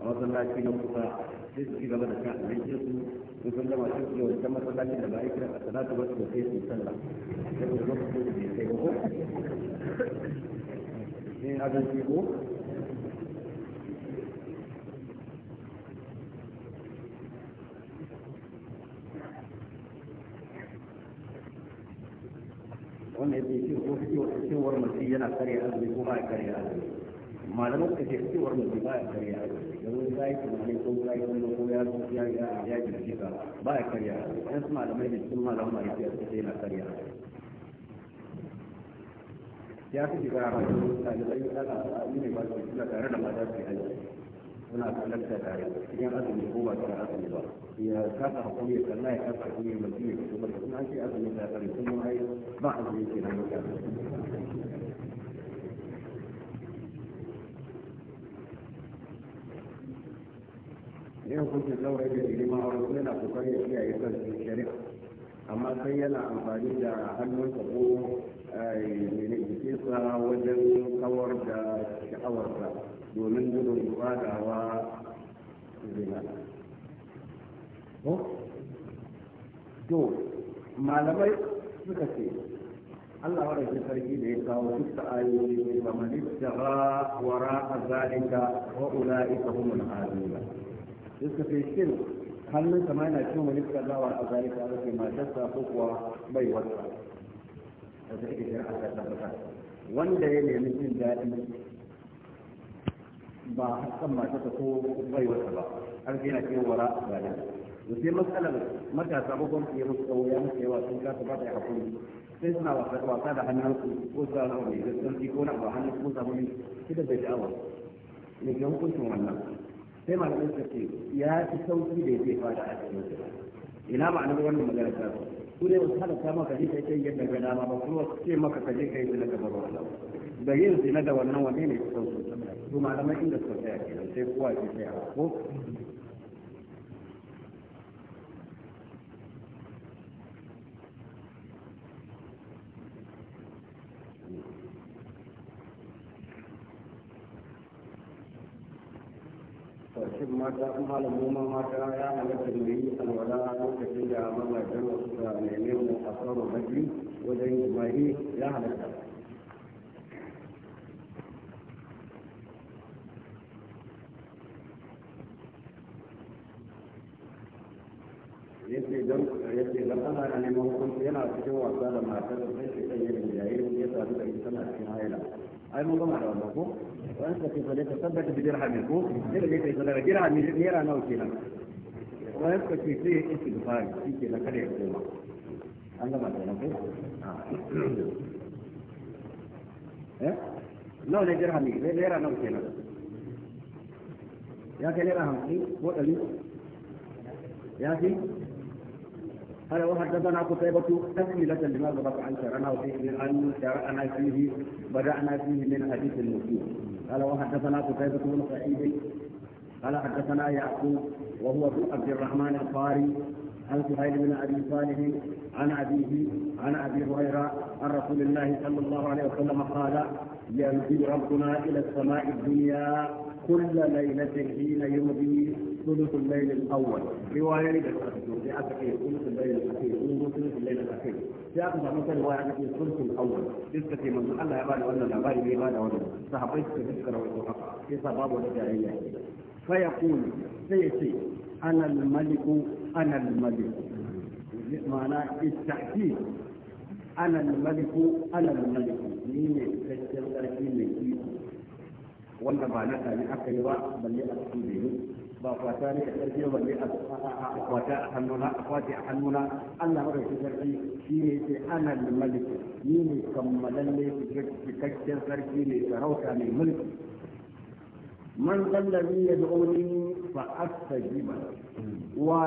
a masallaci na kusa sai su ci gaba da kan abinci su sun san gama sun ciwo can masallacin da ba kira a salatu ba su sai su sallah sai su zo su ne sai ko ne abinci ko wannan ya ce shi ko ciwar mace yana karya azumi ko ba ya karya azumi malaman suka ce cewar mutum ba ya karya domin ka yi tunanin ko ka yi wani ko ya ya ya jirgi ka ba ya karya yan su malamai da cikin malaman malikiya suka ce yana karya ya fi shiga a ranar talibai ana sa'adu ne ba su suna tare da mata su yi suna ta tare cikin azumi ko ba cikin azumi ba ya kasa hakuri ya kalla ya kasa hakuri ya mutum ya fito ba suna ce azumi ta kare kuma ai ba azumi ke nan mutane yin hukuncin saurayi da girma a wasu yana kokarin ya kiyaye kan shari'a amma sai yana amfani da hannunsa ko eh, jikinsa wajen kawar da sha'awarsa domin gudun fadawa zina to malamai suka ce Allah wa rage sarki da ya kawo duk da ayoyi kamar da wara a zalika wa ula'ika humul azuna suka fi shin hannun sama yana cikin wani kazawa a zalika da ke matarsa ko kuwa bai wata da ta ake a ta tabbata wanda ya nemi cin daɗi ba hakan matarsa ko bai wata ba har sai yana cikin wara a zalika da sai matsalar matasa ko kuma ya musu tsawo ya musu yawa sun kasa ba ta yi hakuri sai suna wasa da hannun su ko sa na wani ko na ba hannun ko sabon ne shi da bai sha'awa ne ga hukuncin wannan sai malamin ka ce ya fi sauki da ya ce fada a cikin ina an wannan magana ta su ne wasu halatta maka ji ita kai yadda dama ba kuma wasu ce maka ka je kai zina gaba ba da yin zina da wannan wane ne su sauki su malamai inda suka tsaya kenan sai kowa ke tsaya ko shin mata malam noma mata ya halatta mu yi alwala lokacin da mazajen wasu da neme mu a karo na biyu wajen jima'i ya halatta yace don yace don Allah na neman hukunci yana cikin wasa da matar sai shi kan yin jayi ya sadu da ita na cikin haila ai mun gama da wannan ko wani suka ce fadai ka tabbata bi dirhami ko sai da ne kai sadaka ne yara nawa ke kenan wani suka ce sai ya istighfar shi ke na kada ya koma an gama da wannan ko ah. eh nawa ne Ne yara nawa ke nan? ya kai naira hamsin ko ɗari ya fi قال وحدثنا قتيبة تكملة لما ضبط عن شرعنا وفيه أن شرعنا فيه بدأنا فيه من حديث المسلم قال وحدثنا قتيبة بن سعيد قال حدثنا يعقوب وهو ابن عبد الرحمن القاري عن سهيل بن ابي صالح عن ابيه عن ابي هريره عن رسول الله صلى الله عليه وسلم قال ينزل ربنا الى السماء الدنيا كل ليله حين يمضي ثلث الليل الاول روايه للترجمه في اكثر ثلث الليل الاخير منذ ثلث الليل الاخير sai aka samu kan waya ake sulhul awwal duk kace manzo Allah ya bada wannan labari ne bada wannan sahabbai suka fuskara wato haka sai sa babu wata jayayya fa yaqulu sai yace ana al-malik ana al-malik ma'ana istahdi ana al-malik ana al ni ne ne wanda ba na tare ba balle a cikin ba kwata ne da ƙarfi ba ne a kwata a hannuna a kwati a hannuna Allah mara shi sarki shi ne ce ana maliki ni ne kammalalle cikakken sarki ne sarauta mai mulki man zallabi ya zo ni fa astajiba wa